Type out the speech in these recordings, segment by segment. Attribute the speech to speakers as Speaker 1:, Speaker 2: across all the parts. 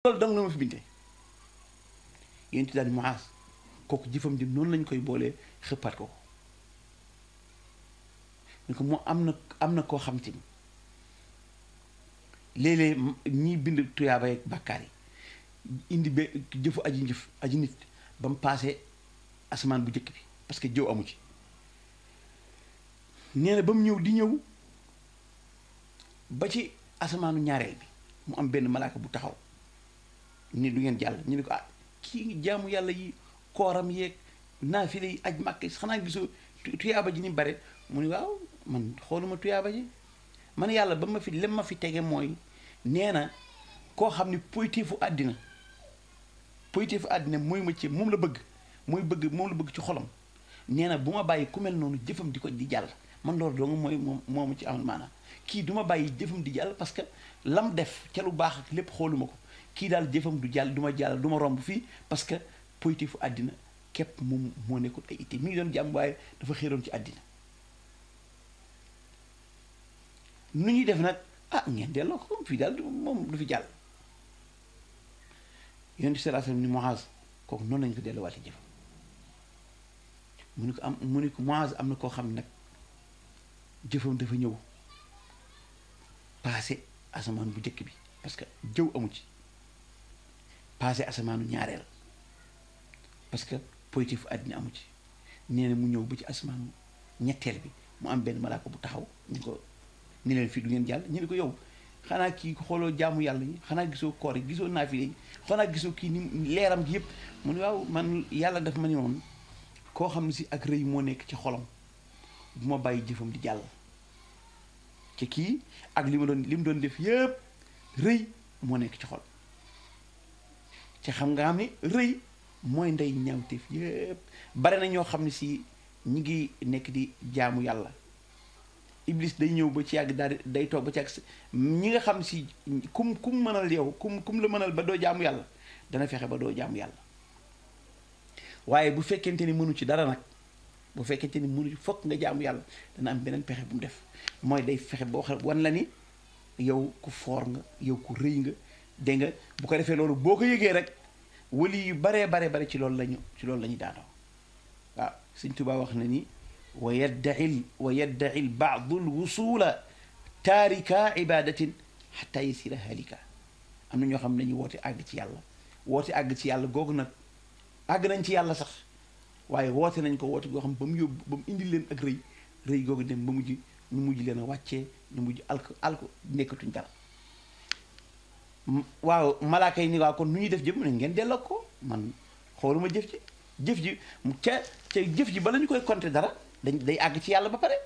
Speaker 1: loolu dong la ma fi bindee yéen ci daal di Muaas kooku jëfam ji noonu lañ koy boolee xëppaat ko ni ko moo am na am na koo xam te ni léeg-léeg bind tuyaaba ak bàkkaar yi indi be jëfu aji njëf aji nit ba mu paase asamaan bu jëkk bi parce que jëw amu ci nee ba mu ñëw di ñëw ba ci asamaanu ñaareel bi mu am benn malaaka bu taxaw ni du ngeen jàll ñu ne ko ah kii jaamu yàlla yi kooram yeeg naafile yi aj màkk xanaa gisoo tuyaaba ji ni bare mu ne waaw man xooluma tuyaaba ji man yàlla ba ma fi lem ma fi tege mooy nee na koo xam ne poyteefu àddina poyteefu àddina mooy ma ci moom la bëgg mooy bëgg moom la bëgg ci xolam nee na bu ma bàyyi ku mel noonu jëfam di ko di jàll man loolu dong mooy moom moomu ci amal maanaam kii du ma bàyyi jëfam di jàll parce que lam def ca lu baax ak lépp xooluma ko kii daal jëfam du jàll du ma jàll du ma romb fii parce que positif àddina képp moom moo nekkul ay itte mi ngi doon jàmm waaye dafa xéeroon ci àddina nu ñuy def nag ah ngeen delloo ko fii daal moom du fi jàll yonent bi sallallahu kooku noonu lañu ko delluwaat ci am mu ni ko am na koo xam nag jëfam dafa ñëw passé asamaan bu njëkk bi parce que jëw amu ci passé asamaanu ñaareel parce que positif àddina amu ci nee mu ñëw ba ci asamaanu ñetteel bi mu am benn malaaka bu taxaw ñu ko ni leen fii du ngeen jàll ñu ne ko yow xanaa kii xooloo jaamu yàlla yi xanaa gisoo koor yi gisoo naafile yi xanaa gisoo kii ni leeram gi yëpp mu ne waaw man yàlla daf ma ne woon koo xam ne si ak rëy moo nekk ci xolom bu ma bàyyi jëfam di jàll ci kii ak li ma doon li mu doon def yëpp rëy moo nekk ci xol ci xam nga xam ne rëy mooy ndey ñaawteef yépp bare na ñoo xam ne si ñi ngi nekk di jaamu yàlla iblis day ñëw ba ci yàgg daal day toog ba ci yàgg ñi nga xam si kum kum mënal yow kum kum la mënal ba doo jaamu yàlla dana fexe ba doo jaamu yàlla waaye bu fekkente ni mënu ci dara nag bu fekkente ni mënu ci fokk nga jaamu yàlla dana am beneen pexe bu mu def mooy day fexe boo xam wan la ni yow ku foor nga yow ku rëy nga dégg nga bu ko defee loolu boo ko yëgee rek wali yu baree bare bare ci loolu lañu ci loolu la ñu daanoo waaw Sëñ Tuubaa wax na ni wa yaddai wa ba baadul wusula taarika ibadatin xata yasira halika am na ñoo xam ne dañuy woote àgg ci yàlla woote àgg ci yàlla googu nag àgg nañ ci yàlla sax waaye woote nañ ko woote goo xam ba mu yóbbu ba mu indi leen ak rëy rëy googu dem ba mujj ñu mujj leen a wàccee ñu mujj alk alk nekkatuñ dara waaw malaaka yi ni waaw kon nu ñuy def jëf mu ne ngeen delloo ko man xooluma jëf ji jëf ji ca ca jëf ji ba ñu koy compter dara dañ day àgg ci yàlla ba pare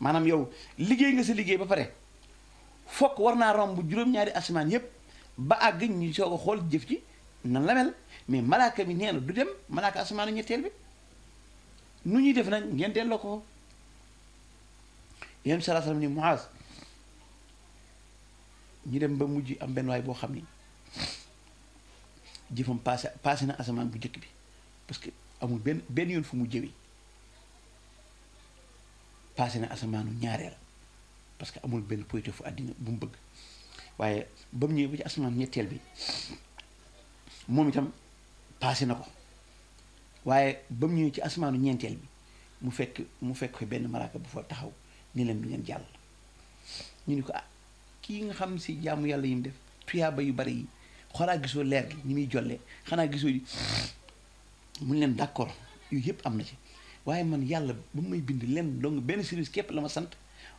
Speaker 1: maanaam yow liggéey nga sa liggéey ba pare fokk war naa romb juróom-ñaari asamaan yépp ba àgg ñu soog a xool jëf ji nan la mais malaaka bi nee na du dem malaaka asamaanu ñetteel bi nu ñuy def nag ngeen delloo ko yéen salaa salaam ni Muaz ñu dem ba mujj am benn waay boo xam ni jëfam passé passé na asamaan bu njëkk bi parce que amul benn benn yoon fu mu jëwee passé na asamaanu ñaareel parce que amul benn poyte fu àddina bu mu bëgg waaye ba mu ñëwee ba ci ñetteel bi moom itam passé na ko waaye ba mu ci asamaanu ñeenteel bi mu fekk mu fekk benn malaaka bu foo taxaw ni bi du ngeen jàll ñu ni ko ah kii nga xam si jaamu yàlla yi mu def tuyaaba yu bari yi xanaa gisoo leer gi ni muy jolle xanaa gisoo yi mun leen d'accord yooyu yëpp am na ci waaye man yàlla ba may bind leen dong benn service képp la ma sant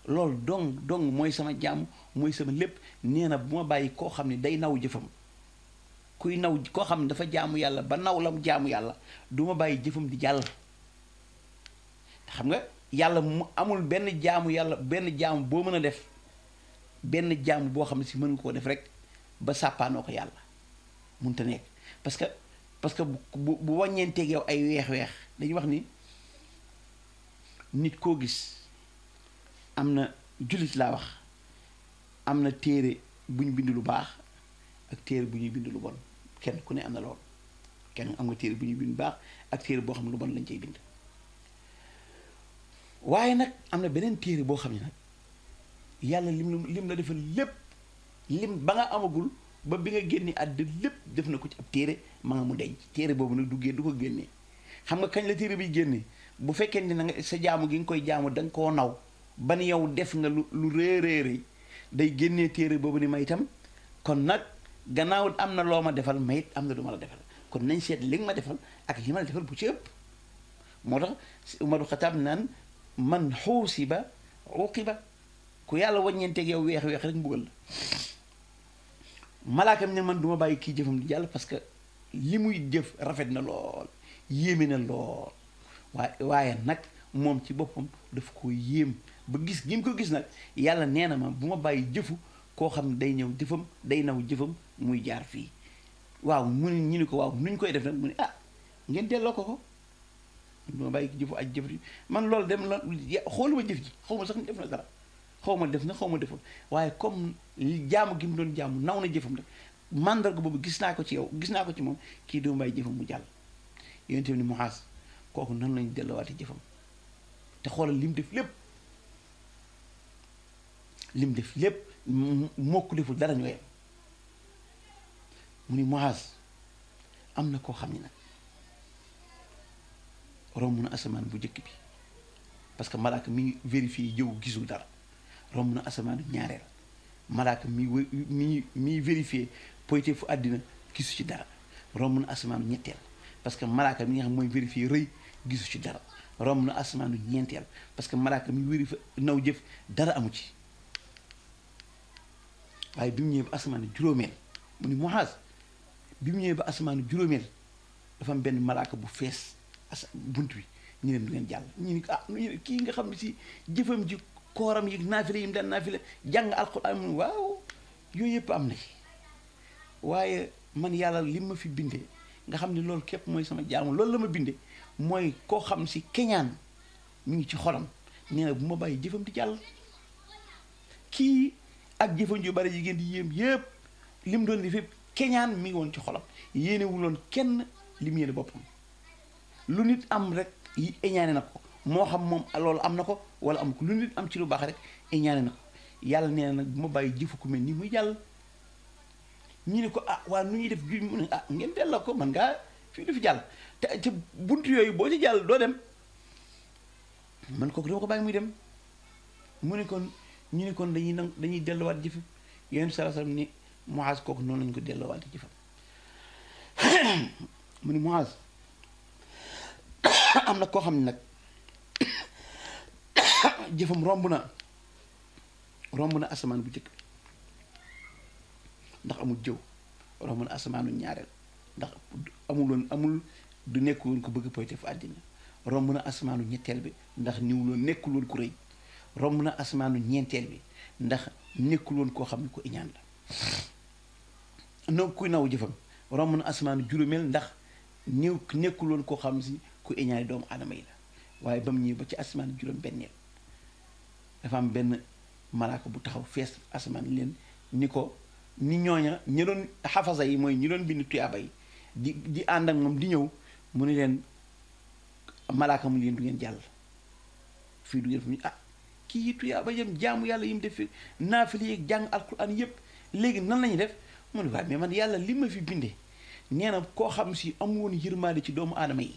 Speaker 1: loolu dong dong mooy sama jaamu mooy sama lépp nee na bu ma bàyyi koo xam ne day naw jëfam kuy naw koo xam ne dafa jaamu yàlla ba naw la mu jaamu yàlla duma bàyyi jëfam di jàll xam nga yàlla mu amul benn jaamu yàlla benn jaamu boo mën a def benn jàmm boo xam ne si mën nga koo def rek ba sàppaanoo ko yàlla munta nekk parce que parce que bu bu wàññeenteeg yow ay weex-weex dañuy wax ni nit koo gis am na jullit laa wax am na téere bu ñu bind lu baax ak téere bu ñuy bind lu bon kenn ku ne am na lool kenn am nga téere bu ñuy bind baax ak téere boo xam ne lu bon lañ cay bind waaye nag am na beneen téere boo xam ne nag yàlla lim lim la defal lépp lim ba nga amagul ba bi nga génnee àddina lépp def na ko ci ab téere ma nga mu denc téere boobu nag du génn du ko génnee xam nga kañ la téere bi génne bu fekkee ne na sa jaamu gi nga koy jaamu da nga koo naw ba ni yow def nga lu lu réeréeréy day génnee téere boobu ni may itam kon nag gannaaw am na loo ma defal may am na lu ma la defal kon nañ seet li ma defal ak li ma la defal bu ci ëpp moo tax Umaru Xataab naan man xuusiba uqiba ku yàlla waññeenteeg yow weex weex rek mbugal la malaakam ne man duma bàyyi kii jëfam di jàll parce que li muy jëf rafet na lool yéeme na lool waaye waaye nag moom ci boppam daf ko yéem ba gis gi ko gis nag yàlla nee na ma bu ma bàyyi jëfu koo xam ne day ñëw jëfam day naw jëfam muy jaar fii waaw mu ne ñu ni ko waaw nuñ koy def nag mu ne ah ngeen delloo ko ko du ma bàyyi jëfu aj jëf man loolu dem la xooluma jëf ji xaw ma sax ni def na xaw ma def na xaw ma deful waaye comme jaamu gi mu doon jaamu naw na jëfam rek mandarga boobu gis naa ko ci yow gis naa ko ci moom kii doo bàyyi jëfam mu jàll yonent bi ni Muaas kooku nan lañu te xoolal lim def lépp lim def lépp mokk deful mu am na koo xam ne nag na asamaan bu njëkk bi parce que malaaka mi ngi vérifié jëw gisul dara romb na asamaanu ñaareel malaaka mi mi miy vérifié poyté fu àddina gisu ci dara romb na asamaanu ñetteel parce que malaaka mi nga xam mooy vérifié rëy gisu ci dara romb na asamaanu ñeenteel parce que malaaka mi vérifié naw jëf dara amu ci waaye bi mu ñëwee ba asamaanu juróomeel mu ni Muaz bi mu ñëwee ba asamaanu juróomeel dafa am benn malaaka bu fees as bunt bi ñu ne du ngeen jàll ñu ne ah kii nga xam ne si jëfam ji kooram yi naafile yi mu daan naafile jàng alxuraan mu waaw yooyu yëpp am na ci waaye man yàlla lim ma fi bindee nga xam ne loolu képp mooy sama jaamu loolu la ma bindee mooy koo xam si keñaan mu ngi ci xolam nee na bu ma bàyyi jëfam di jàll kii ak jëfam ju bari jigéen di yéem yëpp lim doon di fépp keñaan mi ngi woon ci xolam yéenewuloon kenn lim yéene boppam lu nit am rek yi eñaane na ko moo xam moom loolu am na ko wala am ko lu nit am ci lu baax rek iñaane eh, na ko yàlla nee na nag bu ma bàyyi jëfu ku mel nii muy jàll ñu ne ko ah waa nu ñuy def ju mu ne ah ngeen delloo ko man ngaa fii du fi jàll te bunt yooyu boo ci jàll doo dem man kooku dama ko bàyyi muy dem mu ne ñu ne kon dañuy nang dañuy delluwaat jëfam yonent sallallahu alayhi wasallam kooku noonu lañ ko delloo delluwaat jëfam mu ne Muaz am na koo xam ne nag jëfam romb na romb na asamaan bu njëkk ndax amul jëw romb na asamaanu ñaareel ndax amul woon amul du nekkul woon ko bëgg poyte fu àddina romb na asamaanu ñetteel bi ndax niwul woon nekkul romb na asamaanu ñeenteel bi ndax nekkul woon koo xam ne ko iñaan la no kuy naw jëfam romb na asamaanu juróomeel ndax néew nekkuloon koo xam si ku iñaani doomu aadama yi la waaye ba mu ba ci asamaanu juróom benneel dafa am benn malaaka bu taxaw fees asamaan leen ni ko ni ñooña ñi xafasa yi mooy ñi loon bind tuyaaba yi di di ànd ak moom di ñëw mu ni leen malaaka mu leen du ngeen jàll fii du ngeen fu ñu ah kii yi tuyaaba yam yàlla yi mu def fi naafile yeeg jàng alquran yëpp léegi nan la def mu ne waaye mais man yàlla li ma fi bindee nee koo xam si am woon ci doomu aadama yi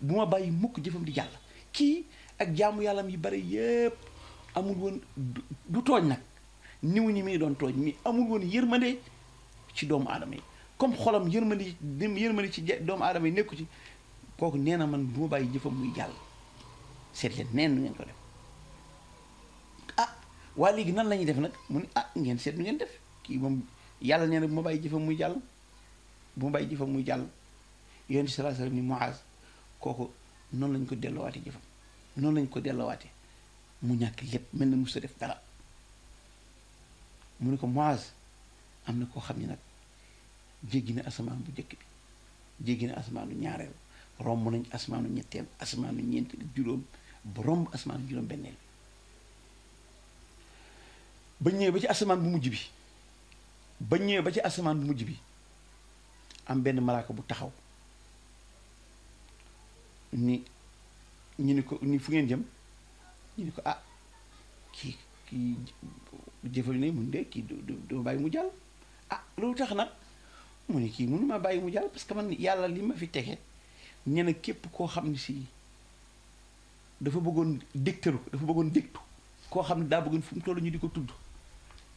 Speaker 1: bu ma bàyyi mukk jëfam di jàll kii ak jaamu yàllam yi bari yëpp amul woon du tooñ nag niw ñi muy doon tooñ mii amul woon yërmande ci doomu aadama yi comme xolam yërmande ci yërmande ci doomu aadama yi nekku ci kooku nee na man bu ma bàyyi jëfam muy jàll seet leen neen nu ngeen ko def ah waa léegi nan lañuy def nag mu ne ah ngeen seet nu ngeen def kii moom yàlla nee na bu ma bàyyi jëfam muy jàll bu ma bàyyi jëfam muy jàll yonent bi sallallahu alayhi kooku noonu lañ ko delloowaate jëfam noonu lañ ko delloowaate mu ñàkk lépp mel na mu sa def dara mu ne ko Muaz am na koo xam ni nag jéggi na asamaan bu njëkk bi jéggi na asamaanu ñaareel romb nañ asamaanu ñetteel asamaanu ñeent juróom ba romb asamaanu juróom benneel ba ñëwee ba ci asamaan bu mujj bi ba ñëwee ba ci asamaan bu mujj bi am benn malaaka bu taxaw ni ñu ne ko ni fu ngeen jëm ñu ne ko ah kii kii jëfal ne mun de kii du du ma bàyyi mu jàll ah loolu tax nag mu ne kii mënu ma bàyyi mu jàll parce que man yàlla li ma fi tege ñu képp koo xam ne si dafa bëggoon dégtaru dafa bëggoon dégtu koo xam ne daa bëggoon fu mu toll ñu di ko tudd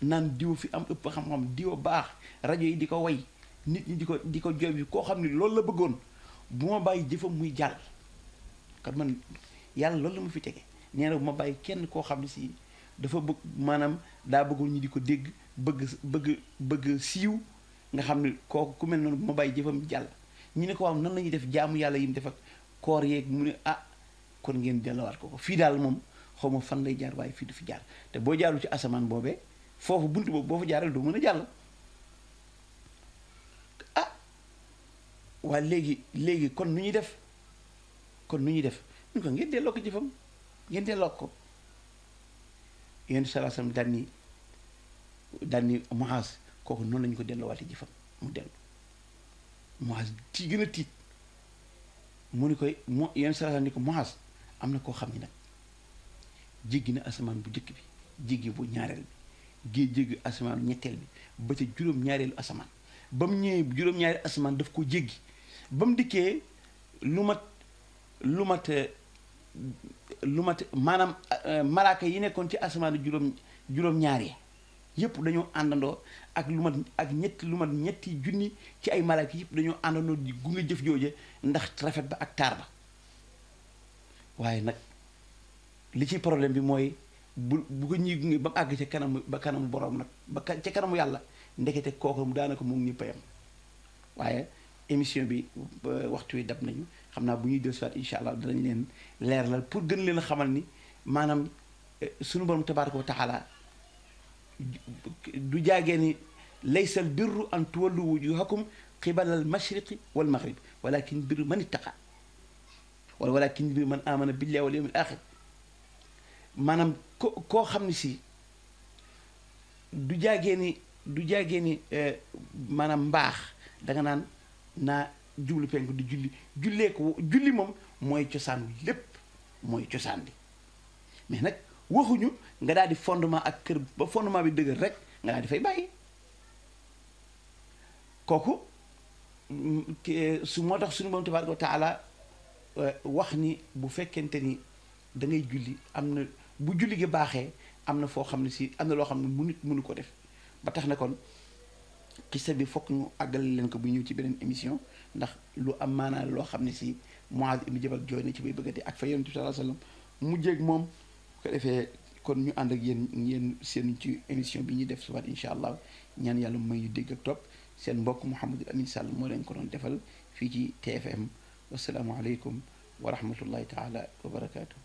Speaker 1: naan diw fi am ëpp xam-xam diwa baax rajo yi di ko way nit ñi di ko di ko jooy bi koo xam ne loolu la bëggoon bu ma bàyyi jëfam muy jàll kon man yàlla loolu la ma fi tege nee bu ma bàyyi kenn koo xam ne si dafa bëgg maanaam daa bëggul ñu di ko dégg bëgg bëgg bëgg siiw nga xam ne kooku ku mel noonu bu ma bàyyi jëfam jàll ñu ne ko waaw nan la def jaamu yàlla yi mu koor yeeg mu ne ah kon ngeen delluwaat ko ko daal moom xaw ma fan lay jaar waaye fii du fi jaar te boo jaarul ci asamaan boobee foofu bunt boobu boo fa jaareel doo mën a jàll ah waa léegi léegi kon nu ñuy def kon nu ñuy def ñu ko ngeen delloo ko jëfam ngeen delloo ko yéen salaasam daan ni daan ni Muaz kooku noonu lañu ko delloowaatee jëfam mu dellu Muaz ci gën a tiit mu ni koy mu yéen salaasam ni ko Muaz am na koo xam ni nag jéggi na asamaan bu jëkk bi jéggi bu ñaareel bi gii jéggi asamaan ñetteel bi ba ca juróom-ñaareelu asamaan ba mu ñëwee juróom-ñaareelu asamaan daf ko jéggi ba mu dikkee lu mat lu mat lu mat maanaam euh, malaaka yi nekkoon ci asamaanu juróom juróom-ñaar yi yëpp dañoo àndandoo ak lu mat ak ñetti lu mat ñetti junni ci ay malaaka yëpp dañoo àndandoo di gunge jëf jooje ndax rafet ba ak taar ba waaye nag li ci problème bi mooy bu bu ko ñuy ngi ba mu àgg ca kanam ba kanamu borom nag ba ca kanamu yàlla ndekete kooku daanaka mu ngi waaye émission bi euh, waxtu wi dab nañu xam naa bu ñuy dellusiwaat incha allah danañ leen leeralal pour gën leen xamal ni maanaam eh, sunu borom tabaaraka wa taala du jaagee ni laysal birru an tuwallu wujuhakum qibala al mashriqi wal maghrib walakin birru man ittaqa wala walakin birru man amana billahi wal yawmil axir maanaam ko koo xam ne si du jaagee ni du jaagee ni eh, maanaam mbaax danga naan naa jublu penku di julli jullee ko julli moom mooy cosaanu lépp mooy cosaan li mais nag waxuñu nga daal di fondement ak kër ba fondement bi dëgër rek nga daal di fay bàyyi kooku su moo tax suñu moom tabaaraka wa taala euh, wax ni bu fekkente ni da julli am na bu julli gi baaxee am na foo xam ne si am na loo xam ne mu nit mënu ko def ba tax na kon kise bi fokk ñu àggale leen ko bu ñëw ci beneen émission ndax lu am maanaa loo xam ne si Muaaz ibn Jabal jooy ci bay bëggati ak fa yonent bi sallallahu alayhi wasallam mu jéeg moom ko defee kon ñu ànd ak yéen yéen seen ci émission bi ñuy def subaat incha allah ñaan yàlla may ñu dégg ak topp seen mbokk Mouhamadou Amine Sall moo leen ko doon defal fii ci TFM wasalaamualeykum wa rahmatullahi taala wa barakaatu.